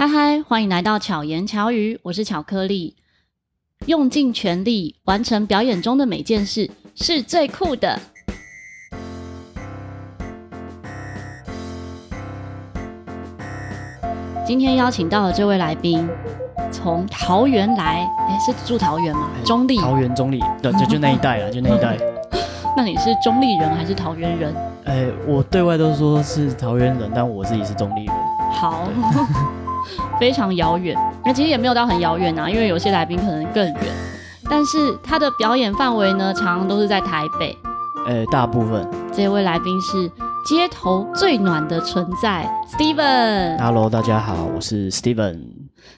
嗨嗨，Hi, 歡迎來到巧言巧語，我是巧克力。用盡全力完成表演中的每件事是最酷的。今天邀請到了這位來賓，從桃園來，哎、欸，是住桃園嗎？欸桃園？中壢桃園中壢，對，就就那一帶啦，就那一帶。 那你是中壢人還是桃園人？哎、欸，我對外都說是桃園人，但我自己是中壢人。好。對 非常遙遠，那其實也沒有到很遙遠啊，因為有些來賓可能更遠。但是他的表演範圍呢，常常都是在台北。欸、大部分這位來賓是街頭最暖的存在，Steven。Hello，大家好，我是 Steven。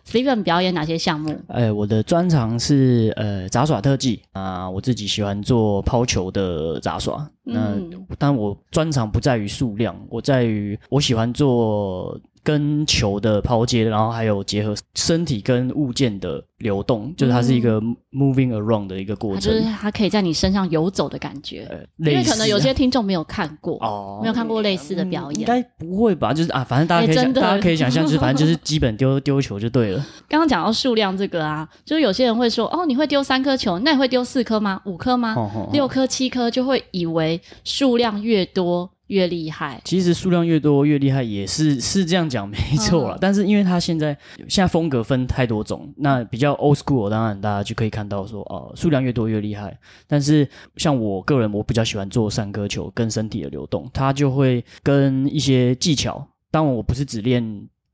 Steven 表演哪些項目？哎、欸，我的專長是呃雜耍特技啊、呃，我自己喜歡做拋球的雜耍。那、嗯、但我專長不在於數量，我在於我喜歡做。跟球的拋接，然後還有結合身體跟物件的流動，嗯、就是它是一個 moving around 的一個過程，就是它可以在你身上游走的感覺。呃、因為可能有些聽眾沒有看過、啊、沒有看過類似的表演，嗯、應該不會吧？就是啊，反正大家可以想、欸、大家可以想象，就是反正就是基本丟 丟球就對了。剛剛講到數量這個啊，就是有些人會說哦，你會丟三顆球，那你會丟四顆嗎？五顆嗎？哦哦、六顆、七顆，就會以為數量越多。越厲害，其實數量越多越厲害也是是這樣講，沒錯啦。嗯、哼但是因為它現在現在風格分太多種，那比較 old school，當然大家就可以看到說哦、呃，數量越多越厲害。但是像我個人，我比較喜歡做三顆球跟身體的流動，它就會跟一些技巧。當然我不是只練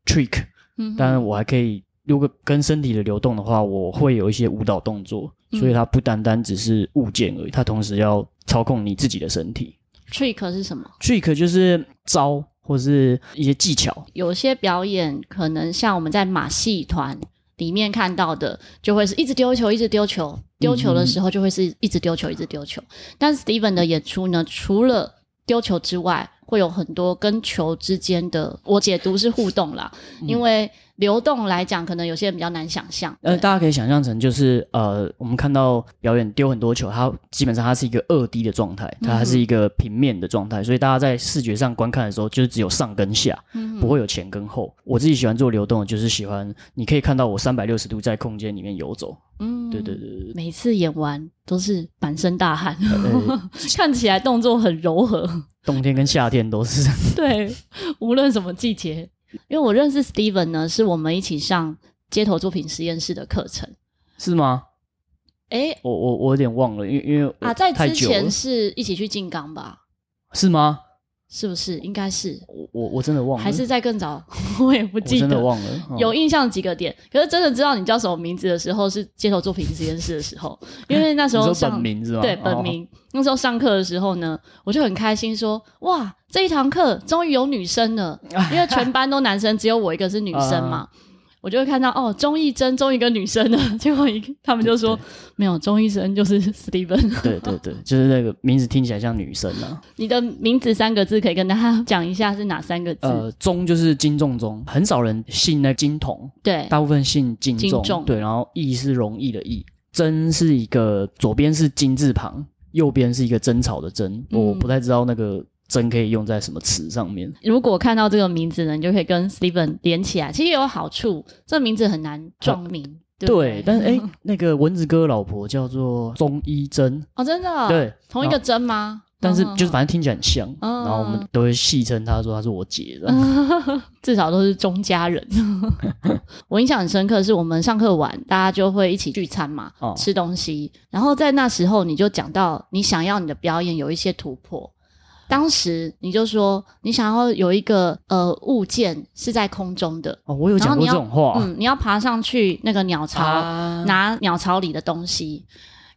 trick，嗯哼，當然我還可以如果跟身體的流動的話，我會有一些舞蹈動作，所以它不單單只是物件而已，它同時要操控你自己的身體。Trick 是什麼？Trick 就是招或是一些技巧。有些表演可能像我們在馬戲團裡面看到的，就會是一直丟球，一直丟球，丟球的時候就會是一直丟球，一直丟球。嗯、哼但 Steven 的演出呢，除了丟球之外，會有很多跟球之間的，我解讀是互動啦，嗯、因為。流動來講，可能有些人比較難想象。呃，大家可以想象成就是呃，我們看到表演丟很多球，它基本上它是一個二 D 的狀態，它還是一個平面的狀態，嗯、哼所以大家在視覺上觀看的時候，就是只有上跟下，嗯、不會有前跟後。我自己喜歡做流動的，就是喜歡你可以看到我三百六十度在空間裡面游走。嗯，對對對對。每次演完都是滿身大汗，呃呃、 看起來動作很柔和。冬天跟夏天都是。 對，無論什麼季節。因為我認識 Steven 呢，是我們一起上街頭作品實驗室的課程，是嗎？誒、欸，我我我有點忘了，因為因為啊，在之前是一起去靜岡吧，是嗎？是不是？應該是，我我真的忘了，還是在更早，我也不記得的，哦，有印象幾個點，可是真的知道你叫什麼名字的時候，是街頭作品實驗室的時候，因為那時候上本名是對，哦，本名，那時候上課的時候呢，我就很開心說，哇，這一堂課終於有女生了，因為全班都男生， 只有我一個是女生嘛。啊我就會看到哦，鍾易錚中一個女生呢，結果一他們就說沒有鍾易錚就是 Steven，對對對，就是那個名字聽起來像女生呢、啊。你的名字三個字可以跟大家講一下是哪三個字？呃，鍾就是金重鍾，很少人姓那金童，對，大部分姓金重。金重對，然後易是容易的易，錚是一個左邊是金字旁，右邊是一個爭吵的爭，嗯、我不太知道那個。錚可以用在什麼詞上面？如果看到這個名字呢，你就可以跟 Steven 連起來。其實有好處，這個、名字很難撞名。哦、對，對，但是哎、 欸，那個蚊子哥老婆叫做鍾易真哦，真的對，同一個真嗎？但是就是反正聽起來很像，嗯、然後我們都會戲稱她說她是我姐、嗯、至少都是鍾家人。 我印象很深刻是，我們上課晚大家就會一起聚餐嘛，哦、吃東西。然後在那時候，你就講到你想要你的表演有一些突破。當時你就說你想要有一個呃物件，是在空中的，哦，我有講過這種話，嗯，你要爬上去那個鳥巢、啊、拿鳥巢裡的東西，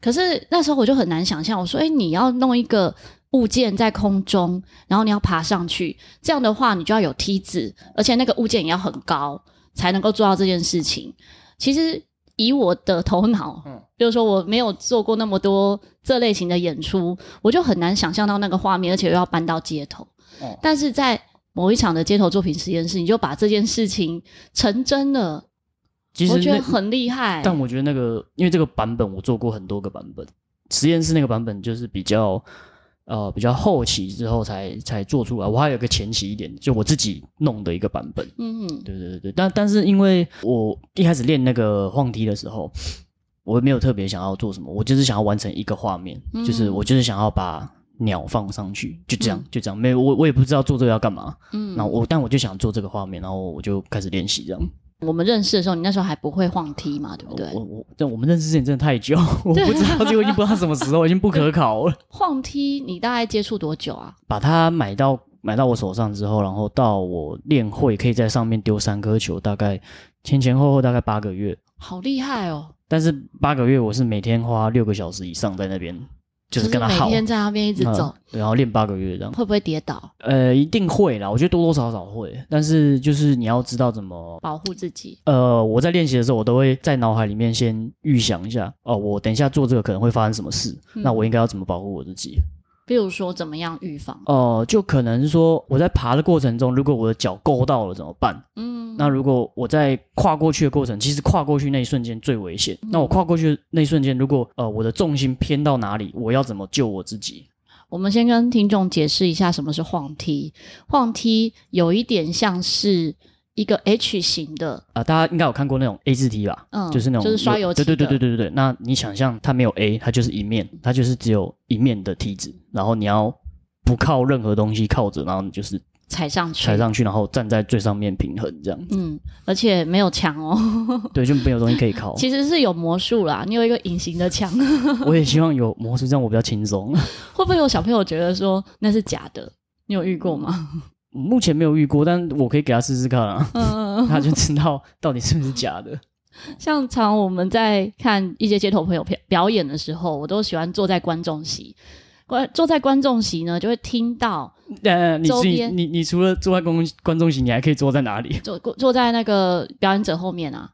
可是那時候我就很難想象我說，哎、欸，你要弄一個物件在空中，然後你要爬上去，這樣的話你就要有梯子，而且那個物件也要很高才能夠做到這件事情。其實。以我的頭腦，嗯，就是說我沒有做過那麼多這類型的演出，我就很難想象到那個畫面，而且又要搬到街頭。嗯，但是在某一場的街頭作品實驗室，你就把這件事情成真了，我覺得很厲害。但我覺得那個，因為這個版本我做過很多個版本，實驗室那個版本就是比較，呃，比較後期之後才才做出來，我還有一個前期一點，就我自己弄的一個版本。嗯，哼，對對對對，但但是因為我一開始練那個晃梯的時候，我沒有特別想要做什麼，我就是想要完成一個畫面，嗯、哼就是我就是想要把鳥放上去，就這樣、嗯、就這樣，沒有我我也不知道做這個要幹嘛。然後嗯，那我但我就想做這個畫面，然後我就開始練習這樣。我們認識的時候，你那時候還不會晃梯嘛？對不對？我我，但我，我們認識時間真的太久，啊、 我不知道就已經不知道什麼時候，已經不可考了。晃梯，你大概接觸多久啊？把它買到買到我手上之後，然後到我練會可以在上面丟三顆球，大概前前後後大概八個月。好厲害哦！但是八個月我是每天花六個小時以上在那邊。就是跟他耗，每天在那邊一直走，然後練八個月這樣。會不會跌倒？呃，一定會啦。我覺得多多少少會，但是就是你要知道怎麼保護自己。呃，我在練習的時候，我都會在腦海裡面先預想一下，哦，我等一下做這個可能會發生什麼事，嗯、那我應該要怎麼保護我自己？比如說，怎麼樣預防？哦、呃，就可能說，我在爬的過程中，如果我的腳勾到了怎麼辦？嗯，那如果我在跨過去的過程，其實跨過去那一瞬間最危險。嗯、那我跨過去的那一瞬間，如果呃我的重心偏到哪裡，我要怎麼救我自己？我們先跟聽眾解釋一下什麼是晃梯。晃梯有一點像是。一個 H 型的啊，呃，大家應該有看過那種 A 字梯吧？嗯，就是那種就是刷油漆的。對對對對對對，那你想象它沒有 A，它就是一面，它就是只有一面的梯子，然後你要不靠任何東西靠着，然後你就是踩上去，踩上去，然後站在最上面平衡這樣子。嗯，而且沒有牆哦。 對，就沒有東西可以靠。 其實是有魔術啦，你有一個隱形的牆。 我也希望有魔術，這樣我比較輕鬆。 會不會有小朋友覺得說那是假的？你有遇過嗎？目前沒有遇過，但我可以給他試試看，啊，uh, 他就知道到底是不是假的。像常我們在看一些街頭朋友表表演的時候，我都喜歡坐在觀眾席。觀，坐在觀眾席呢，就會聽到。呃、uh，你你你，你你除了坐在觀觀眾席，你還可以坐在哪裡？坐坐在那個表演者後面啊，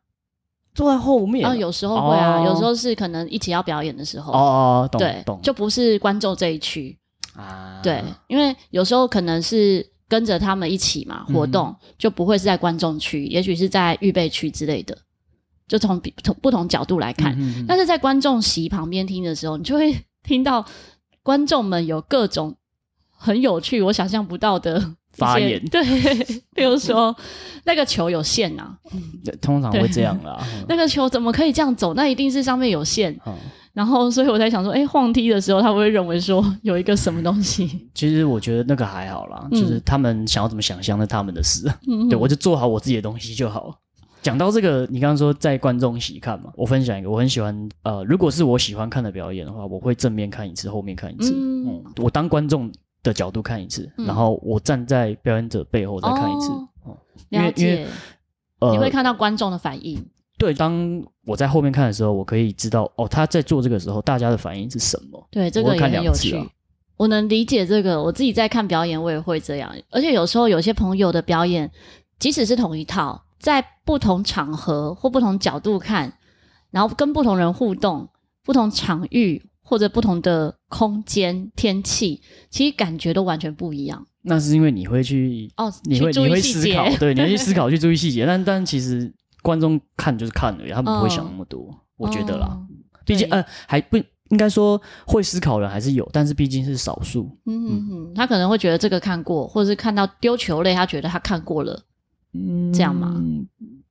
坐在後面啊。啊，有時候會啊，oh. 有時候是可能一起要表演的時候。哦，懂懂，對懂就不是觀眾這一區啊。Uh. 對，因為有時候可能是。跟着他們一起嘛，活動、嗯、就不會是在觀眾區，也許是在預備區之類的，就從從不同角度來看。嗯、哼哼，但是在觀眾席旁邊聽的時候，你就會聽到觀眾們有各種很有趣、我想象不到的發言。對，比如說、嗯、那個球有線啊、嗯，通常會這樣啦、啊。對嗯、那個球怎麼可以這樣走？那一定是上面有線。嗯然後，所以我在想說，誒，晃梯的時候，他會不會認為說有一個什麼東西？其實我覺得那個還好啦，嗯、就是他們想要怎麼想象，那他們的事。嗯、哼對，我就做好我自己的東西就好。講到這個，你剛剛說在觀眾席看嘛，我分享一個，我很喜歡。呃，如果是我喜歡看的表演的話，我會正面看一次，後面看一次，嗯、嗯，我當觀眾的角度看一次，嗯、然後我站在表演者背後再看一次，哦，了解，因為因為你會看到觀眾的反應。對，當我在後面看的時候，我可以知道哦，他在做這個時候，大家的反應是什麼。對，這個、啊、也很有趣。我能理解這個，我自己在看表演，我也會這樣。而且有時候有些朋友的表演，即使是同一套，在不同場合或不同角度看，然後跟不同人互動、不同場域或者不同的空間、天氣，其實感覺都完全不一樣。那是因為你會去哦，你會去你會思考，對，你會去思考去注意細節。 但但其實。觀眾看就是看了，他們不會想那麼多，哦、我覺得啦。哦、畢竟，呃，還不應該說，會思考的人還是有，但是畢竟是少數。嗯，嗯哼哼，他可能會覺得這個看過，或者是看到丟球類，他覺得他看過了，嗯，這樣嗎？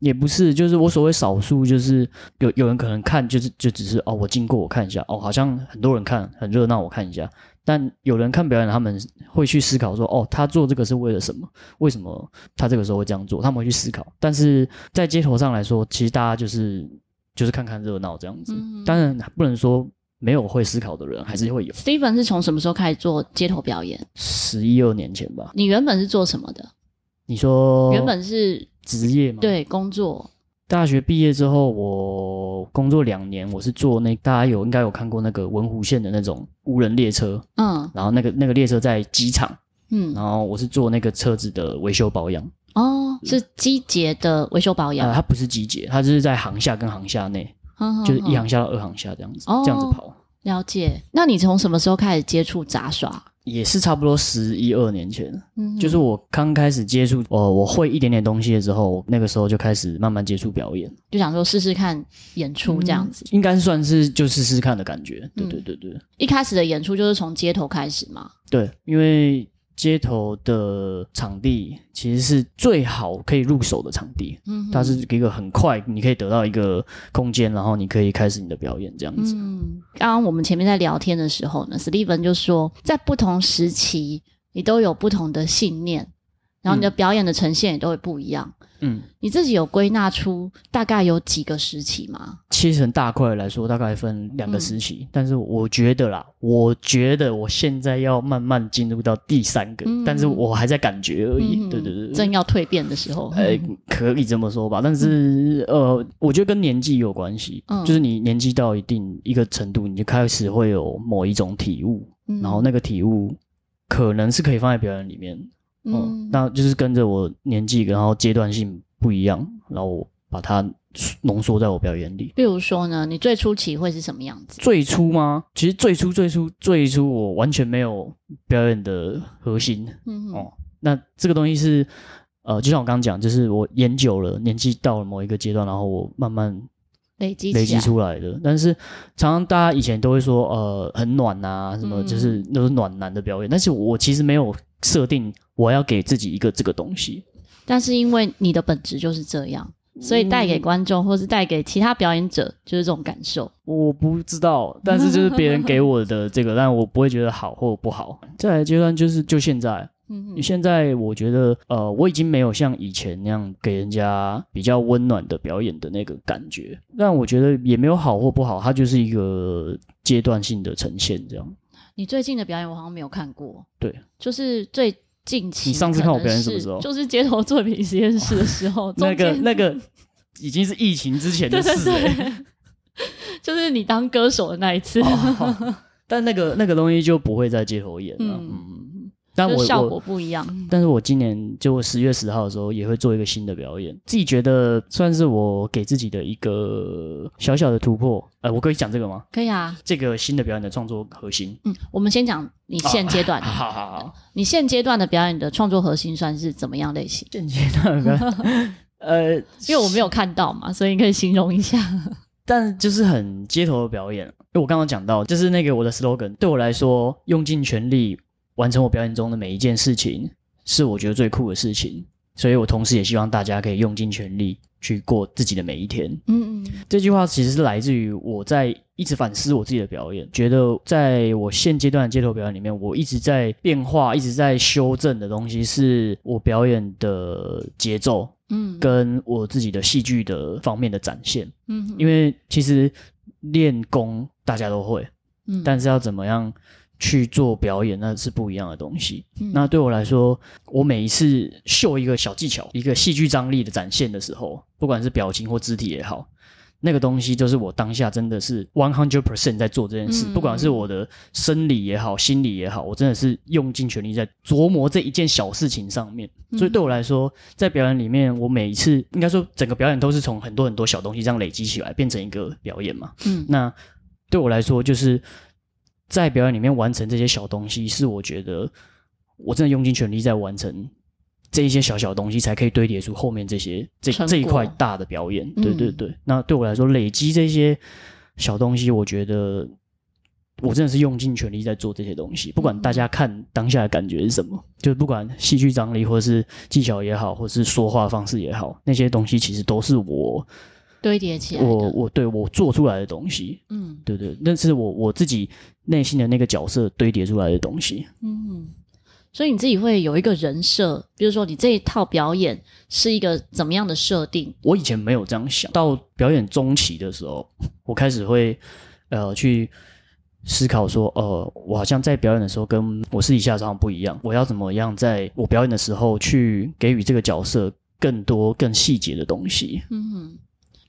也不是，就是我所謂少數，就是有有人可能看，就是就只是哦，我經過我看一下，哦，好像很多人看很熱鬧，我看一下。但有人看表演，他們會去思考說：“哦，他做這個是為了什麼？為什麼他這個時候會這樣做？”他們會去思考。但是在街頭上來說，其實大家就是就是看看熱鬧這樣子。嗯哼，當然不能說沒有會思考的人，還是會有。Steven 是從什麼時候開始做街頭表演？十一二年前吧。你原本是做什麼的？你說原本是職業嘛，對，工作。大學畢業之後，我工作兩年，我是做那大家有應該有看過那個文湖線的那種無人列車，嗯，然後那個那個列車在機場，嗯，然後我是做那個車子的維修保養，哦，是機捷的維修保養，呃，它不是機捷，它就是在航廈跟航廈內，嗯嗯嗯，就是一航廈到二航廈這樣子，嗯嗯、這樣子跑，了解。那你從什麼時候開始接觸雜耍？也是差不多十一二年前，嗯哼，就是我剛開始接觸，呃，我會一點點東西了之後，那個時候就開始慢慢接觸表演，就想說試試看演出這樣子，嗯，應該算是就試試看的感覺，嗯，對對對對。一開始的演出就是從街頭開始嘛，對，因為。街頭的場地其實是最好可以入手的場地，嗯哼，它是一個很快你可以得到一個空間，然後你可以開始你的表演這樣子。嗯，剛剛我們前面在聊天的時候呢，史蒂文就說，在不同時期你都有不同的信念。然後你的表演的呈現也都會不一樣。嗯，你自己有歸納出大概有幾個時期嗎？切成大塊來說，大概分兩個時期。嗯、但是我覺得啦，我覺得我現在要慢慢進入到第三個，嗯、但是我還在感覺而已。嗯、對對對，正要蛻變的時候。呃，可以這麼說吧。但是、嗯、呃，我覺得跟年紀有關係，嗯、就是你年紀到一定一個程度，你就開始會有某一種體悟，嗯、然後那個體悟可能是可以放在表演裡面。嗯、哦，那就是跟着我年紀，然後階段性不一樣，然後把它濃縮在我表演裡。比如說呢，你最初期會是什麼樣子？最初嗎？其實最初、最初、最初，我完全沒有表演的核心。嗯哼哦，那這個東西是呃，就像我剛剛講，就是我演久了，年紀到了某一個階段，然後我慢慢累積累積出來的。來但是，常常大家以前都會說，呃，很暖啊，什麼、嗯、就是那種暖男的表演，但是我其實沒有。設定我要給自己一個這個東西，但是因為你的本質就是這樣，所以帶給觀眾或是帶給其他表演者就是這種感受。嗯、我不知道，但是就是別人給我的這個， 但我不會覺得好或不好。再來階段就是就現在，你、嗯、哼現在我覺得呃，我已經沒有像以前那樣給人家比較溫暖的表演的那個感覺。但我覺得也沒有好或不好，它就是一個階段性的呈現這樣。你最近的表演我好像沒有看過，對，就是最近期。你上次看我表演什麼時候？就是街頭作品實驗室的時候，哇中間 那個 那個已經是疫情之前的事。就是你當歌手的那一次。哦哦，但那個那個東西就不會在街頭演了。嗯。嗯但是效果不一樣。我但是我今年就十月十號的時候也會做一個新的表演，嗯、自己覺得算是我給自己的一個小小的突破。呃，我可以講這個嗎？可以啊。這個新的表演的創作核心，嗯，我們先講你現階段。好好好。你現階段的表演的創作核心算是怎麼樣類型？現階段的呃， 因為我沒有看到嘛，所以你可以形容一下。但就是很街頭的表演，因為我剛剛講到，就是那個我的 slogan，對我來說，用盡全力。完成我表演中的每一件事情，是我覺得最酷的事情。所以，我同時也希望大家可以用盡全力去過自己的每一天。嗯嗯，這句話其實是來自於我在一直反思我自己的表演，覺得在我現階段的街頭表演裡面，我一直在變化，一直在修正的東西是我表演的節奏，嗯，跟我自己的戲劇的方面的展現。嗯，因為其實練功大家都會，嗯，但是要怎麼樣？去做表演，那是不一樣的東西。那對我來說，我每一次秀一個小技巧、一個戲劇張力的展現的時候，不管是表情或肢體也好，那個東西就是我當下真的是 one hundred percent 在做這件事。不管是我的生理也好，心理也好，我真的是用盡全力在琢磨這一件小事情上面。所以對我來說，在表演裡面，我每一次應該說，整個表演都是從很多很多小東西這樣累積起來，變成一個表演嘛。嗯，那對我來說，就是。在表演裡面完成這些小東西，是我覺得我真的用盡全力在完成這一些小小東西，才可以堆疊出後面這些這這一塊大的表演。成果。對對對，嗯、那對我來說，累積這些小東西，我覺得我真的是用盡全力在做這些東西。不管大家看當下的感覺是什麼，嗯、就是不管戲劇張力，或者是技巧也好，或是說話方式也好，那些東西其實都是我。堆疊起來我，我我對我做出來的東西，嗯，對對，那是我我自己內心的那個角色堆疊出來的東西，嗯，所以你自己會有一個人設，比如說你這一套表演是一個怎麼樣的設定？我以前沒有這樣想，到表演中期的時候，我開始會呃去思考說，呃，我好像在表演的時候跟我私底下常常不一樣，我要怎麼樣在我表演的時候去給予這個角色更多更細節的東西。嗯哼。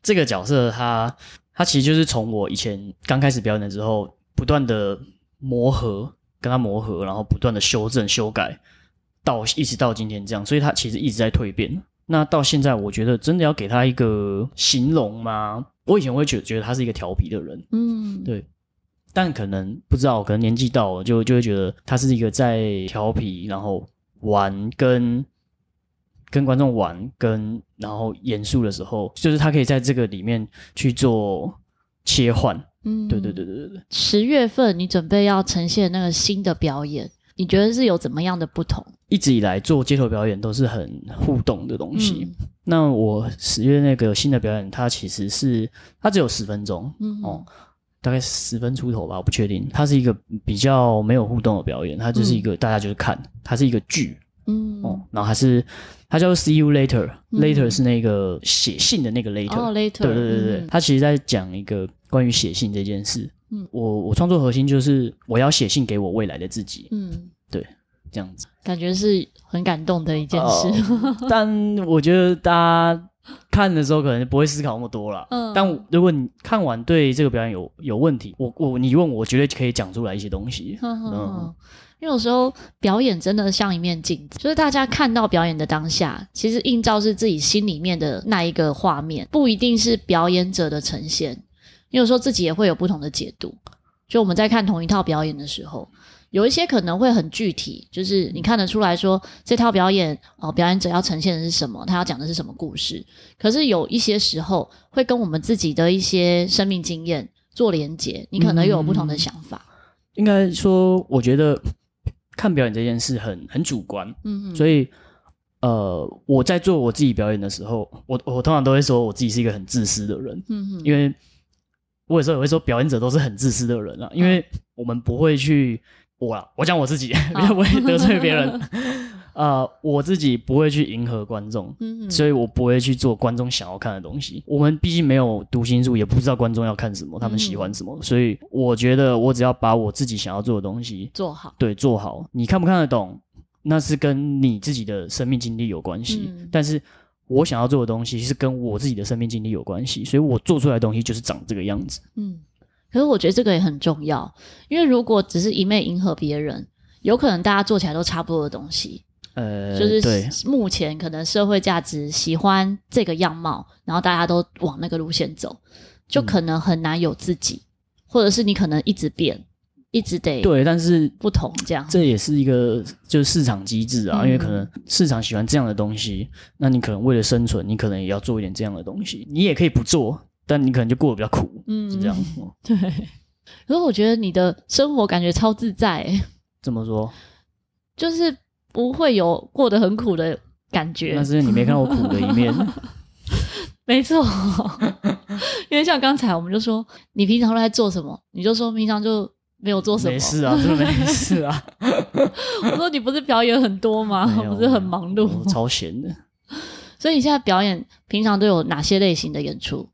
這個角色他，他他其實就是從我以前剛開始表演的時候，不斷的磨合，跟他磨合，然後不斷的修正、修改，到一直到今天這樣，所以他其實一直在蛻變。那到現在，我覺得真的要給他一個形容嗎？我以前我會覺覺得他是一個調皮的人，嗯，對，但可能不知道，可能年紀到了，就就會覺得他是一個在調皮，然後玩跟。跟觀眾玩，跟然後嚴肅的時候，就是他可以在這個裡面去做切換。嗯，對，對對對對對。十月份你準備要呈現那個新的表演，你覺得是有怎麼樣的不同？一直以來做街頭表演都是很互動的東西。嗯。那我十月那個新的表演，它其實是它只有十分鐘，嗯。哦，大概十分出頭吧，我不確定。它是一個比較沒有互動的表演，它就是一個、嗯、大家就是看，它是一個劇。嗯然後還是他叫 See You Later，Later 是那個寫信的那個 Later 對對對對他其實在講一個關於寫信這件事。嗯，我我創作核心就是我要寫信給我未來的自己。嗯，對，這樣子。感覺是很感動的一件事，但我覺得大家看的時候可能不會思考那麼多了。嗯。但如果你看完對這個表演有有問題，我我你問我，絕對可以講出來一些東西。嗯。因為有時候表演真的像一面鏡子，就是大家看到表演的當下，其實映照是自己心裡面的那一個畫面，不一定是表演者的呈現。因為有時候自己也會有不同的解讀。就我們在看同一套表演的時候，有一些可能會很具體，就是你看得出來說這套表演，哦，表演者要呈現的是什麼，他要講的是什麼故事。可是有一些時候會跟我們自己的一些生命經驗做連結，你可能又有不同的想法。嗯，應該說，我覺得。看表演這件事很很主觀，嗯、哼所以，呃，我在做我自己表演的時候，我我通常都會說我自己是一個很自私的人，嗯、哼因為我有時候也會說表演者都是很自私的人啊，因為我們不會去我我講我自己，啊、不會得罪別人。啊 啊，uh, 我自己不會去迎合觀眾，嗯哼，所以我不會去做觀眾想要看的東西。我們畢竟沒有讀心術，也不知道觀眾要看什麼，他們喜歡什麼。嗯、哼所以我覺得，我只要把我自己想要做的東西做好，對，做好。你看不看得懂，那是跟你自己的生命經歷有關係。嗯、但是我想要做的東西是跟我自己的生命經歷有關係，所以我做出來的東西就是長這個樣子。嗯，可是我覺得這個也很重要，因為如果只是一昧迎合別人，有可能大家做起來都差不多的東西。呃，就是目前可能社會價值喜歡這個樣貌，對然後大家都往那個路線走，就可能很難有自己，嗯、或者是你可能一直變，一直得對，但是不同這樣，這也是一個就是市場機制啊，嗯、因為可能市場喜歡這樣的東西，那你可能為了生存，你可能也要做一點這樣的東西，你也可以不做，但你可能就過得比較苦，嗯，是這樣。對，所以我覺得你的生活感覺超自在。欸，怎麼說？就是。不會有過得很苦的感覺。但是你沒看到我苦的一面。 沒錯錯， 因為像剛才我們就說，你平常都在做什麼？你就說平常就沒有做什麼。沒事啊，真的沒事啊。 我說你不是表演很多嗎？不有是很忙碌？超閒的。 所以你現在表演平常都有哪些類型的演出？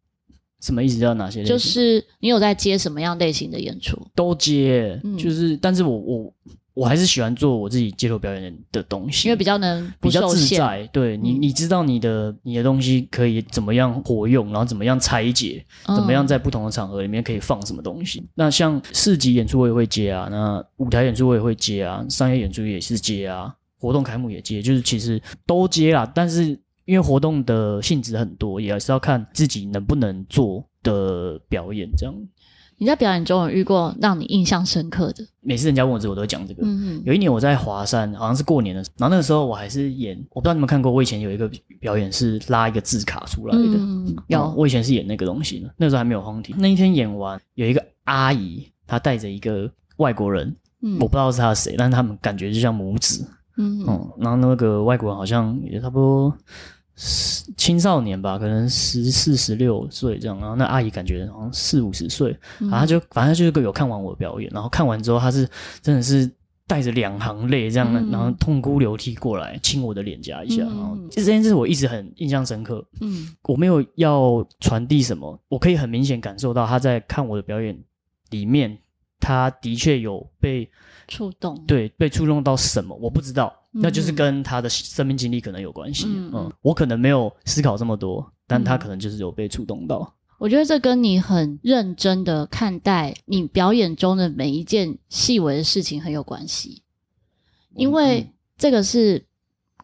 什麼意思叫哪些類型？就是你有在接什麼樣類型的演出？都接，嗯、就是，但是我我。我還是喜歡做我自己街頭表演的東西，因為比較能比較自在。對、嗯、你，你知道你的你的東西可以怎麼樣活用，然後怎麼樣拆解，嗯、怎麼樣在不同的場合裡面可以放什麼東西。那像市集演出我也會接啊，那舞台演出我也會接啊，商業演出也是接啊，活動開幕也接，就是其實都接啦。但是因為活動的性質很多，也還是要看自己能不能做的表演這樣。你在表演中有遇過讓你印象深刻的？每次人家問我這，我都講這個。嗯嗯哼。有一年我在華山，好像是過年的時候，然後那個時候我還是演，我不知道你們有沒有看過，我以前有一個表演是拉一個字卡出來的。嗯。要、嗯，我以前是演那個東西的，那時候還沒有荒體。那一天演完，有一個阿姨，她帶着一個外國人，嗯、我不知道是她是誰，但是他們感覺就像母子。嗯嗯。然後那個外國人好像也差不多。是青少年吧，可能十四、十六歲這樣，然後那阿姨感覺好像四五十歲，然後她就、嗯、反正就是各有看完我的表演，然後看完之後她，他是真的是帶着兩行淚這樣，嗯、然後痛哭流涕過來親我的臉頰一下，嗯、然後這這件事我一直很印象深刻。嗯，我沒有要傳遞什麼，我可以很明顯感受到他在看我的表演裡面，他的確有被觸動，對，被觸動到什麼我不知道。那就是跟他的生命經歷可能有關係、啊。嗯,嗯，我可能沒有思考這麼多，但他可能就是有被觸動到。我覺得這跟你很認真的看待你表演中的每一件細微的事情很有關係，因為這個是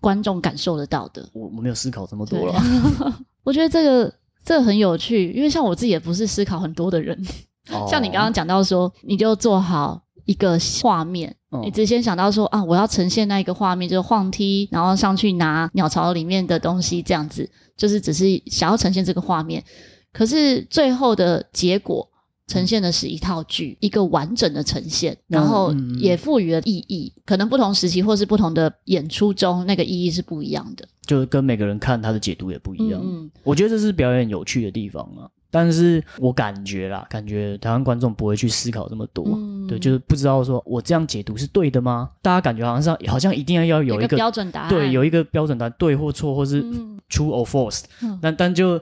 觀眾感受得到的。我我沒有思考這麼多了。對 我覺得這個這個、很有趣，因為像我自己也不是思考很多的人。 像你剛剛講到說，你就做好。一個畫面，哦、你直接想到說啊，我要呈現那一個畫面，就是晃梯，然後上去拿鳥巢裡面的東西，這樣子，就是只是想要呈現這個畫面。可是最後的結果呈現的是一套劇，嗯、一個完整的呈現，然後也賦予了意義。嗯、可能不同時期或是不同的演出中，那個意義是不一樣的，就是跟每個人看他的解讀也不一樣。嗯嗯、我覺得這是表演有趣的地方啊。但是我感覺啦，感覺台灣觀眾不會去思考這麼多，嗯，對，就是不知道說我這樣解讀是對的嗎？大家感覺好像是好像一定要要有一個，一個標準答案，對，有一個標準答案，對或錯，或是 true or false。嗯。那但，但就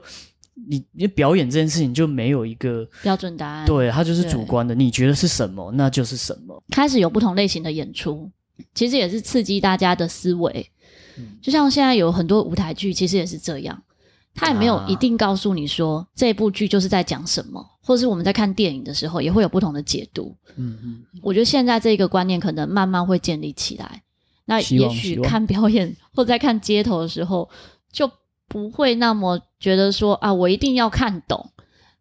你你表演這件事情就沒有一個標準答案，對，它就是主觀的，對你覺得是什麼，那就是什麼。開始有不同類型的演出，其實也是刺激大家的思維，嗯，就像現在有很多舞台劇，其實也是這樣。他也沒有一定告訴你說，啊，這部劇就是在講什麼，或者是我們在看電影的時候也會有不同的解讀。嗯嗯，嗯，我覺得現在這個觀念可能慢慢會建立起來。那也許看表演或在看街頭的時候，就不會那麼覺得說啊，我一定要看懂，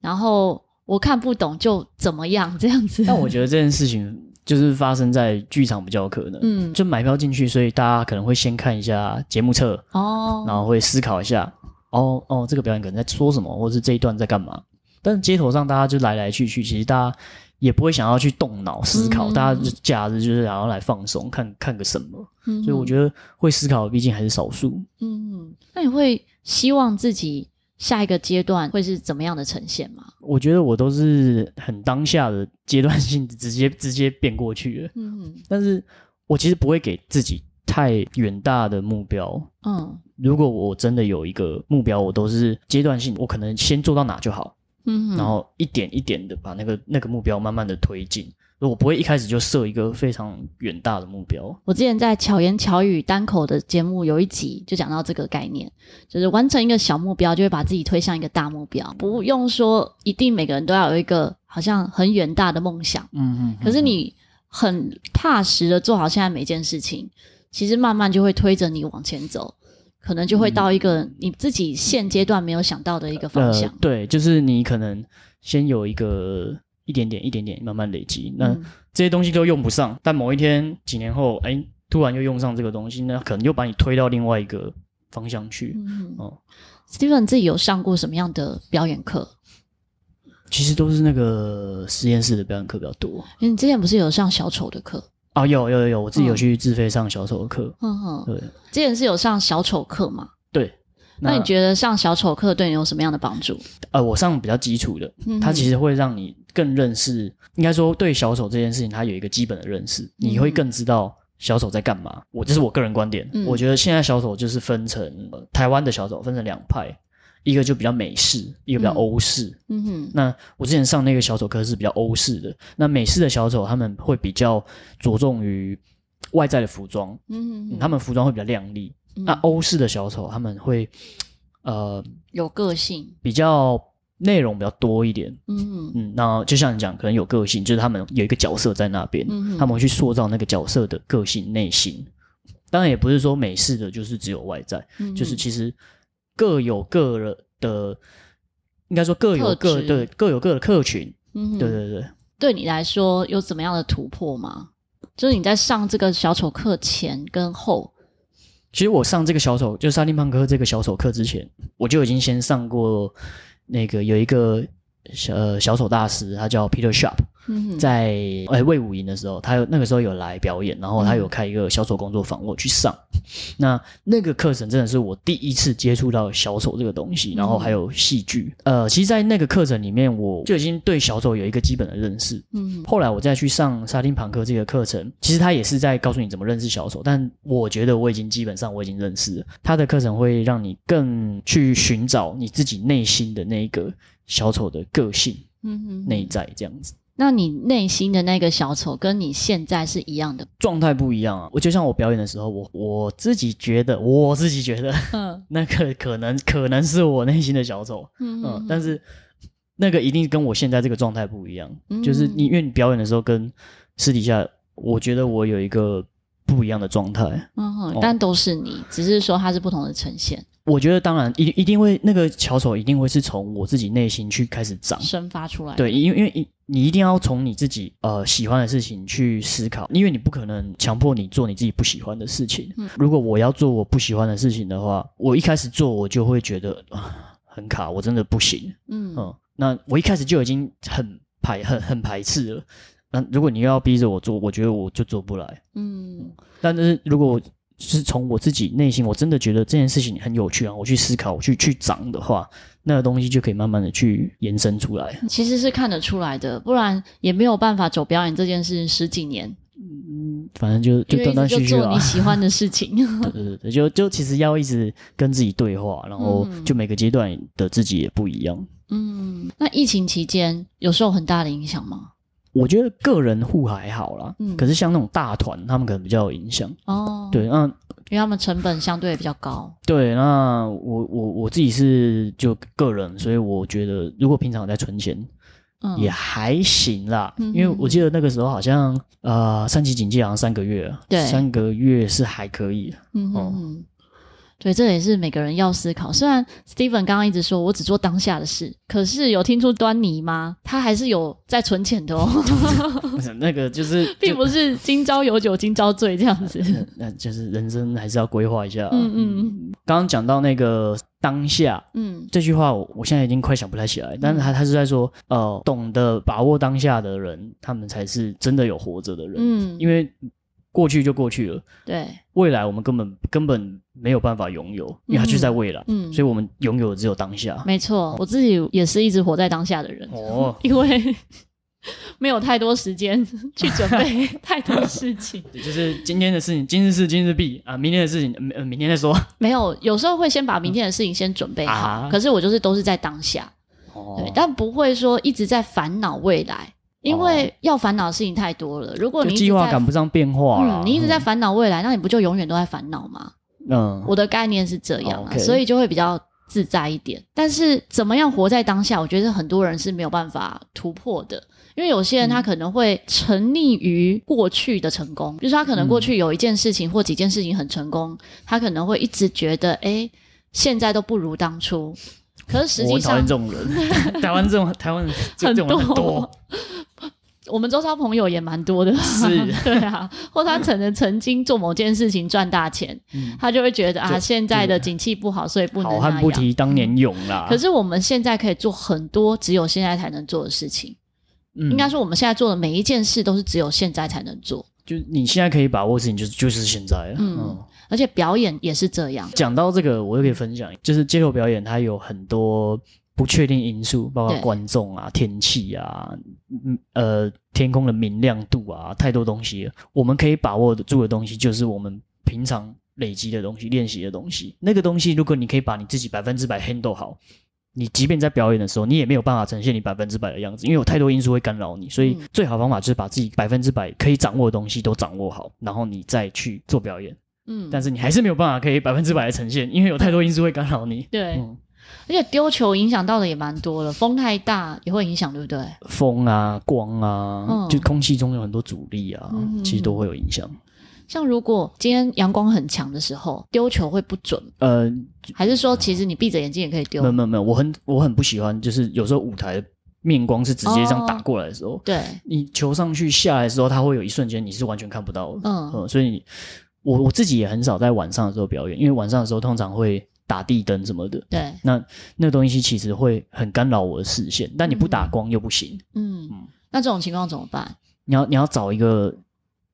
然後我看不懂就怎麼樣這樣子。但我覺得這件事情就是發生在劇場比較可能，嗯，就買票進去，所以大家可能會先看一下節目冊哦，然後會思考一下。哦哦，這個表演可能在說什麼，或者是這一段在幹嘛？但是街頭上大家就來來去去，其實大家也不會想要去動腦思考，嗯哼。大家就假日就是想要來放鬆，看看個什麼。嗯哼。所以我覺得會思考的畢竟還是少數。嗯，那你會希望自己下一個階段會是怎麼樣的呈現嗎？我覺得我都是很當下的階段性，直接直接變過去了。嗯，但是我其實不會給自己太遠大的目標。嗯。如果我真的有一個目標，我都是階段性，我可能先做到哪就好，嗯哼，然後一點一點的把那個那個目標慢慢的推進。如果不會一開始就設一個非常遠大的目標。我之前在《巧言巧語單口》的節目有一集就講到這個概念，就是完成一個小目標就會把自己推向一個大目標。不用說一定每個人都要有一個好像很遠大的夢想，嗯嗯，可是你很踏實的做好現在每件事情，其實慢慢就會推着你往前走。可能就會到一個你自己現階段沒有想到的一個方向，嗯呃。對，就是你可能先有一個一點點、一點點、慢慢累積、嗯、那這些東西都用不上，但某一天，幾年後，哎、欸，突然又用上這個東西，那可能又把你推到另外一個方向去。嗯、哼哦，Steven 自己有上過什麼樣的表演課？其實都是那個實驗室的表演課比較多。因為你之前不是有上小丑的課？哦、啊，有有有，我自己有去自費上小丑課。嗯哼，呵呵對，之前是有上小丑課嘛？對。那，那你覺得上小丑課對你有什麼樣的幫助？呃，我上比較基礎的，它其實會讓你更認識，嗯哼，應該說對小丑這件事情，它有一個基本的認識，你會更知道小丑在幹嘛。嗯哼，我這、就是我個人觀點，嗯、我覺得現在小丑就是分成、呃、台灣的小丑分成兩派。一個就比較美式，一個比較歐式。嗯，嗯哼，那我之前上那個小丑課是比較歐式的。那美式的小丑他們會比較着重於外在的服裝，嗯哼哼，嗯，他們服裝會比較亮麗。嗯、那歐式的小丑他們會，呃，有個性，比較內容比較多一點。嗯哼，嗯，那就像你講，可能有個性，就是他們有一個角色在那邊，嗯哼，他們會去塑造那個角色的個性內心。當然也不是說美式的就是只有外在，嗯哼，就是其實。各有各的，應該說各有各的局，各有各的客群。嗯、哼對對對，對你來說有怎麼樣的突破嗎？就是你在上這個小丑課前跟後，其實我上這個小丑，就是沙丁龐客這個小丑課之前，我就已經先上過那個有一個。小呃，小丑大師，他叫 Peter Shop，、嗯、哼在誒、欸、魏武營的時候，他有那個時候有來表演，然後他有開一個小丑工作坊，嗯、哼我去上。那那個課程真的是我第一次接觸到小丑這個東西，嗯、哼然後還有戲劇。呃，其實，在那個課程裡面，我就已經對小丑有一個基本的認識。嗯哼，後來我再去上沙丁龐克這個課程，其實他也是在告訴你怎麼認識小丑，但我覺得我已經基本上我已經認識了。他的課程，會讓你更去尋找你自己內心的那一個。小丑的個性，嗯哼，內在這樣子。那你內心的那個小丑，跟你現在是一樣的？狀態不一樣啊。我就像我表演的時候，我我自己覺得，我自己覺得，嗯呵， 那個可能可能是我內心的小丑，嗯哼哼嗯，但是那個一定跟我現在這個狀態不一樣。嗯、哼哼就是你因為你表演的時候跟私底下，我覺得我有一個不一樣的狀態，嗯哼、哦，但都是你，哦、只是說它是不同的呈現。我覺得當然一一定會那個巧手一定會是從我自己內心去開始長生發出來。對，因為因為你一定要從你自己呃喜歡的事情去思考，因為你不可能強迫你做你自己不喜歡的事情。嗯，如果我要做我不喜歡的事情的話，我一開始做我就會覺得，呃，很卡，我真的不行。嗯嗯，那我一開始就已經很排很很排斥了。那如果你又要逼着我做，我覺得我就做不來。嗯，嗯，但是如果就是從我自己內心，我真的覺得這件事情很有趣啊！我去思考，我去去長的話，那個東西就可以慢慢的去延伸出來。其實是看得出來的，不然也沒有辦法走表演這件事情十幾年。嗯，反正就因為 就斷斷續續啊，就做你喜歡的事情。 對,對對對，就就其實要一直跟自己對話，然後就每個階段的自己也不一樣。嗯,嗯，那疫情期間有受很大的影響嗎？我覺得個人戶還好啦，嗯，可是像那種大團，他們可能比較有影響哦。對，那因為他們成本相對也比較高。對，那我我我自己是就個人，所以我覺得如果平常在存錢，嗯，也還行啦。嗯哼，因為我記得那個時候好像呃三級警戒好像三個月了，對，三個月是還可以。嗯哼哼，嗯。對，這也是每個人要思考，雖然 Steven 剛剛一直說“我只做當下的事”，可是有聽出端倪嗎？他還是有在存錢的哦。 那個，就是並不是“今朝有酒 今朝醉”這樣子。那 就是人生還是要規劃一下，啊嗯。嗯嗯。剛剛講到那個當下，嗯，這句話我我現在已經快想不太起來，但是他他是在說，嗯、呃，懂得把握當下的人，他們才是真的有活着的人。嗯，因為。過去就過去了，對，未來我們根本根本沒有辦法擁有，嗯、因為它就在未來，嗯，所以我們擁有的只有當下。沒錯，我自己也是一直活在當下的人哦，因為沒有太多時間去準備太多事情， 就是今天的事情今日事今日畢啊，明天的事情明明天再說。沒有，有時候會先把明天的事情先準備好，嗯、可是我就是都是在當下，哦、對，但不會說一直在煩惱未來。因為要煩惱的事情太多了，如果你就計劃趕不上變化，嗯，你一直在煩惱未來，嗯、那你不就永遠都在煩惱嗎？嗯，我的概念是這樣，oh, okay 所以就會比較自在一點。但是怎麼樣活在當下，我覺得很多人是沒有辦法突破的，因為有些人他可能會沉溺於過去的成功，嗯、比如說他可能過去有一件事情或幾件事情很成功，嗯、他可能會一直覺得，誒，現在都不如當初。可是實際上，這種人，台灣這種台灣這種人, 這種這種人多。 我們周遭朋友也蠻多的，是，對啊。或他可能曾經做某件事情賺大錢， 嗯、他就會覺得就啊，現在的景氣不好，所以不能、啊。好漢不提當年勇啦、嗯。可是我們現在可以做很多只有現在才能做的事情。嗯、應該說，我們現在做的每一件事都是只有現在才能做。就你現在可以把握的事情，就是就是現在。嗯。嗯而且表演也是這樣。講到這個，我就可以分享，就是街頭表演它有很多不確定因素，包括觀眾啊、天氣啊、嗯對呃天空的明亮度啊，太多東西了。我們可以把握住的東西，就是我們平常累積的東西、嗯、練習的東西。那個東西，如果你可以把你自己百分之百 handle 好，你即便在表演的時候，你也沒有辦法呈現你百分之百的樣子，因為有太多因素會干擾你。所以最好方法就是把自己百分之百可以掌握的東西都掌握好，嗯、然後你再去做表演。嗯，但是你還是沒有辦法可以百分之百的呈現，因為有太多因素會干擾你。對，嗯、而且丟球影響到的也蠻多了，風太大也會影響，對不對？風啊，光啊，嗯、就空氣中有很多阻力啊，嗯嗯嗯其實都會有影響。像如果今天陽光很強的時候，丟球會不準。嗯、呃，還是說其實你閉着眼睛也可以丟、呃呃？沒有沒有，我很我很不喜歡，就是有時候舞台面光是直接這樣打過來的時候，哦、對你球上去下來的時候，它會有一瞬間你是完全看不到的。嗯，嗯，所以你。我我自己也很少在晚上的時候表演，因為晚上的時候通常會打地燈什麼的。對，那那東西其實會很干擾我的視線。但你不打光又不行。嗯嗯。嗯，那這種情況怎麼辦？你要你要找一個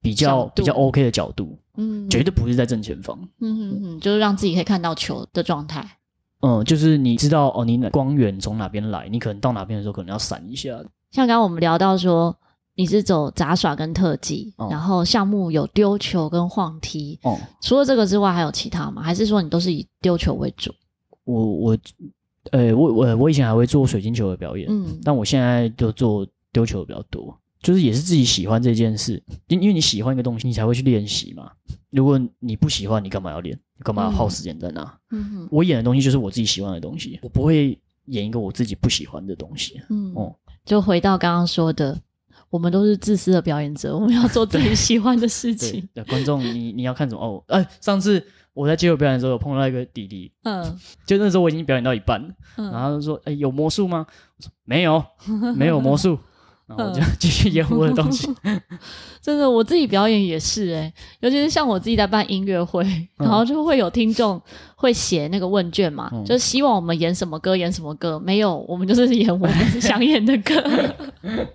比較度比較 OK 的角度。嗯哼。絕對不是在正前方。嗯嗯嗯，就是讓自己可以看到球的狀態。嗯，就是你知道哦，你光源從哪邊來，你可能到哪邊的時候可能要閃一下。像剛剛我們聊到說。你是走雜耍跟特技，嗯、然後項目有丟球跟晃梯。哦、嗯，除了這個之外，還有其他嗎？還是說你都是以丟球為主？我我，呃、欸，我我我以前還會做水晶球的表演，嗯，但我現在就做丟球比較多，就是也是自己喜歡這件事。因因為你喜歡一個東西，你才會去練習嘛。如果你不喜歡，你幹嘛要練？你幹嘛要耗時間在那？嗯，我演的東西就是我自己喜歡的東西，我不會演一個我自己不喜歡的東西。嗯，哦、嗯，就回到剛剛說的。我們都是自私的表演者，我們要做自己喜歡的事情。 對，對觀眾，你你要看什麼？哦，欸、上次我在街頭表演的時候，有碰到一個弟弟，嗯，就那時候我已經表演到一半，然後他說：“哎、嗯欸，有魔術嗎？”我說：“沒有，沒有魔術。” 然後就繼續演我的東西，嗯、真的，我自己表演也是哎、欸，尤其是像我自己在辦音樂會，嗯、然後就會有聽眾會寫那個問卷嘛，嗯、就是希望我們演什麼歌，演什麼歌沒有，我們就是演我們想演的歌。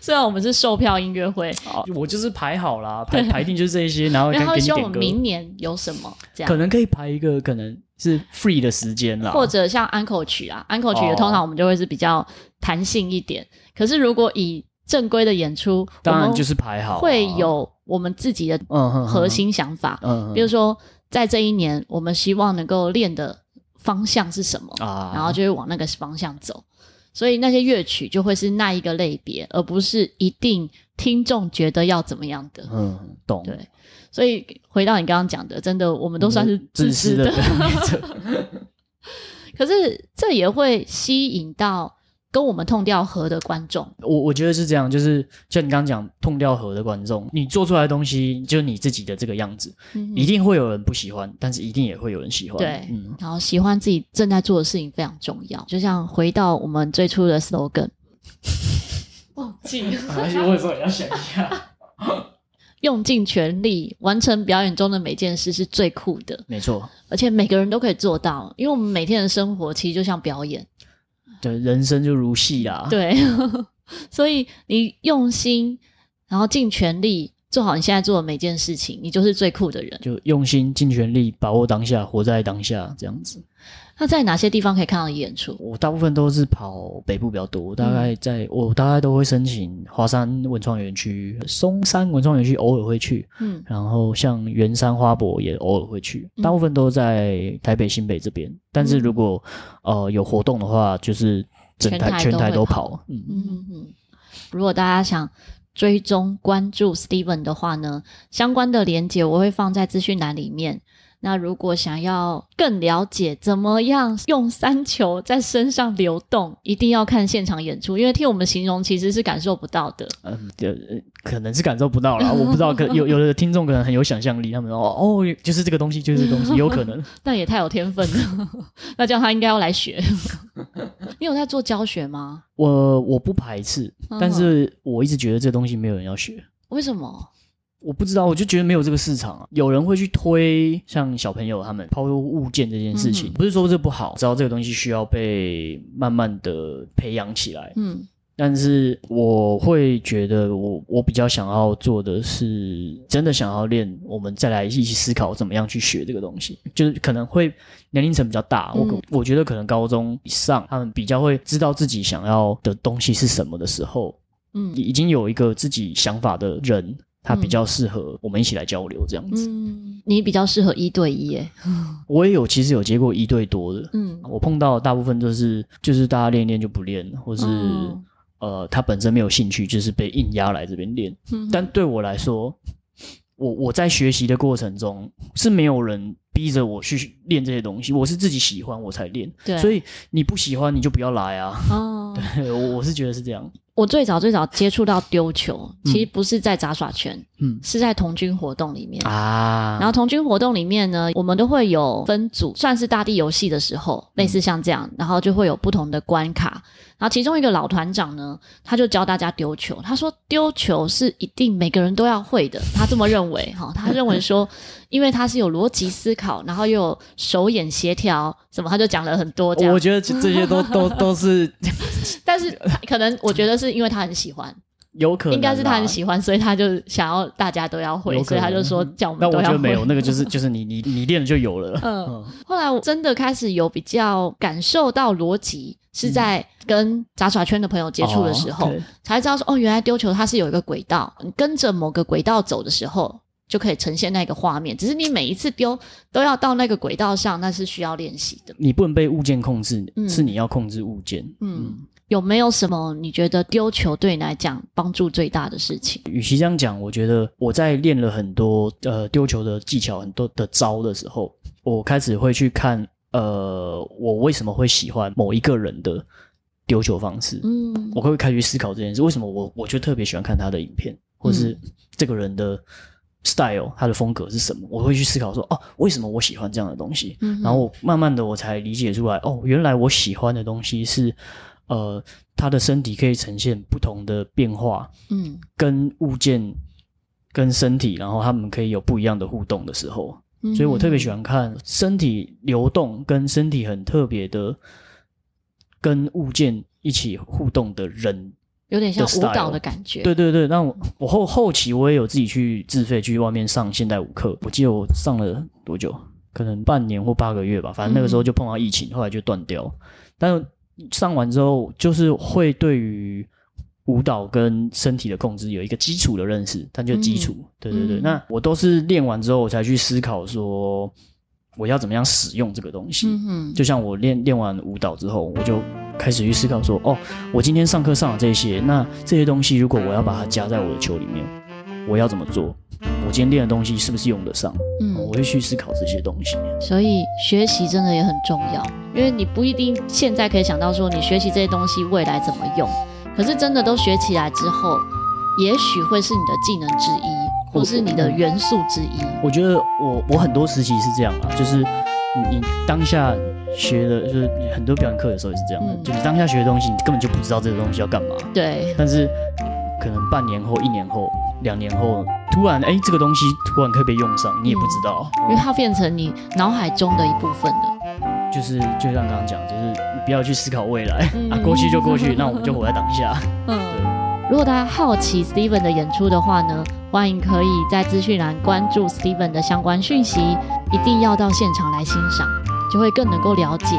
雖然我們是售票音樂會，我就是排好啦，排對排定就是這些，然後然後希望我們明年有什麼，這樣可能可以排一個可能。是 free 的時間啦，或者像安可曲啊，安可曲也通常我們就會是比較彈性一點。可是如果以正規的演出，當然就是排好，會有我們自己的核心想法。嗯嗯，比如說在這一年，我們希望能夠練的方向是什麼啊，然後就會往那個方向走。所以那些樂曲就會是那一個類別，而不是一定聽眾覺得要怎麼樣的。嗯，懂。對，所以回到你剛剛講的，真的，我們都算是自私的。嗯，自私的表演者。 可是這也會吸引到，跟我們痛掉河的觀眾，我我覺得是這樣，就是就像你剛剛講痛掉河的觀眾，你做出來的東西就是你自己的這個樣子，嗯、哼一定會有人不喜歡，但是一定也會有人喜歡。對，嗯，然後喜歡自己正在做的事情非常重要，就像回到我們最初的 slogan， 忘記了，還是我也時候要想一下，用盡全力完成表演中的每件事是最酷的，沒錯，而且每個人都可以做到，因為我們每天的生活其實就像表演。對，人生就如戲啦。對，呵呵，所以你用心，然後盡全力做好你現在做的每件事情，你就是最酷的人。就用心、盡全力、把握當下、活在當下，這樣子。那在哪些地方可以看到演出？我大部分都是跑北部比較多，大概在，嗯、我大概都會申請華山文創園區、松山文創園區，偶爾會去。嗯，然後像圓山花博也偶爾會去，大部分都在台北新北這邊。嗯、但是如果呃有活動的話，就是整台全台全台都跑。嗯嗯嗯。如果大家想追蹤關注 Steven 的話呢，相關的鏈接我會放在資訊欄裡面。那如果想要更了解怎麼樣用三球在身上流動，一定要看現場演出，因為聽我們形容其實是感受不到的。嗯、呃呃，可能是感受不到啦。我不知道可。可 有有的聽眾可能很有想象力，他們說哦，哦，就是這個東西，就是這個東西， 有可能。但也太有天分了， 那叫他應該要來學。 你有在做教學嗎？我我不排斥， 但是我一直覺得這東西沒有人要學。為什麼？我不知道，我就覺得沒有這個市場啊。有人會去推像小朋友他們拋出物件這件事情，嗯、哼不是說這不好，知道這個東西需要被慢慢的培養起來。嗯，但是我會覺得我，我我比較想要做的是，真的想要練，我們再來一起思考怎麼樣去學這個東西。就是可能會年齡層比較大，嗯、我我覺得可能高中以上，他們比較會知道自己想要的東西是什麼的時候，嗯，已經有一個自己想法的人。他比較適合我們一起來交流這樣子。嗯，你比較適合一對一誒。我也有其實有接過一對多的。嗯，我碰到，大部分都是，就是就是大家練練就不練了，或是、嗯、呃他本身沒有興趣，就是被硬壓來這邊練。嗯、哼但對我來說，我我在學習的過程中是沒有人。逼着我去練這些東西，我是自己喜歡我才練，對所以你不喜歡你就不要來啊。哦， 對，我是覺得是這樣。我最早最早接觸到丟球，嗯、其實不是在雜耍圈，嗯，是在童軍活動裡面啊。然後童軍活動裡面呢，我們都會有分組，算是大地遊戲的時候，類似像這樣，嗯、然後就會有不同的關卡。然後其中一個老團長呢，他就教大家丟球，他說丟球是一定每個人都要會的，他這麼認為哈、 哦，他認為說。因為他是有邏輯思考，然後又有手眼協調，什麼他就講了很多這樣。我覺得這些都 都都是，但是可能我覺得是因為他很喜歡， 有可能應該是他很喜歡，所以他就想要大家都要會，所以他就說叫我們都要。那我覺得沒有，那個就是就是你你你練了就有了。 嗯， 後來我真的開始有比較感受到邏輯是在跟雜耍圈的朋友接觸的時候，嗯哦、才知道說哦，原來丟球它是有一個軌道，你跟着某個軌道走的時候。就可以呈現那個畫面，只是你每一次丟都要到那個軌道上，那是需要練習的。你不能被物件控制，嗯，是你要控制物件。嗯，嗯有沒有什麼你覺得丟球對你來講幫助最大的事情？與其這樣講，我覺得我在練了很多呃丟球的技巧，很多的招的時候，我開始會去看呃我為什麼會喜歡某一個人的丟球方式。嗯，我會開始去思考這件事，為什麼我我就特別喜歡看他的影片，或是這個人的。嗯 style 它的風格是什麼？我會去思考說哦、啊，為什麼我喜歡這樣的東西？嗯、哼然後慢慢的我才理解出來哦，原來我喜歡的東西是，呃，他的身體可以呈現不同的變化，嗯，跟物件、跟身體，然後他們可以有不一樣的互動的時候，嗯、哼所以我特別喜歡看身體流動跟身體很特別的跟物件一起互動的人。有點像舞蹈的感覺，Style, 對對對。那我我後後期我也有自己去自費去外面上現代舞課，我記得我上了多久，可能半年或八個月吧。反正那個時候就碰到疫情，嗯、後來就斷掉。但上完之後，就是會對於舞蹈跟身體的控制有一個基礎的認識，但就基礎，對對對。嗯、那我都是練完之後，我才去思考說我要怎麼樣使用這個東西。嗯嗯哼，就像我練練完舞蹈之後，我就。開始去思考說，哦，我今天上課上了這些，那這些東西如果我要把它加在我的球裡面，我要怎麼做？我今天練的東西是不是用得上？嗯，我會去思考這些東西。所以學習真的也很重要，因為你不一定現在可以想到說你學習這些東西未來怎麼用，可是真的都學起來之後，也許會是你的技能之一，或是你的元素之一。我，我覺得我我很多時期是這樣啊，就是。你，你當下學的就是很多表演課的時候也是這樣。嗯、就你當下學的東西，你根本就不知道這個東西要幹嘛。對。但是、嗯、可能半年後、一年後、兩年後，突然哎、欸，這個東西突然可以被用上，你也不知道，嗯嗯、因為它變成你腦海中的一部分了。就是就像剛剛講，就是你不要去思考未來，嗯、啊，過去就過去，那 我們就活在當下。嗯。對。如果大家好奇 Steven 的演出的話呢，歡迎可以在資訊欄關注 Steven 的相關訊息，一定要到現場來欣賞，就會更能夠了解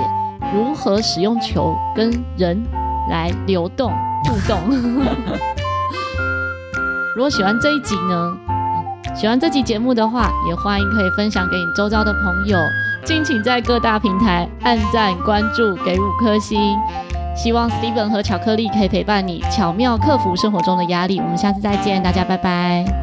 如何使用球跟人來流動互動。 如果喜歡這一集呢，嗯，喜歡這集節目的話，也歡迎可以分享給你周遭的朋友，敬請在各大平台按贊、關注，給五顆星。希望 Steven 和巧克力可以陪伴你，巧妙克服生活中的壓力。我們下次再見，大家拜拜。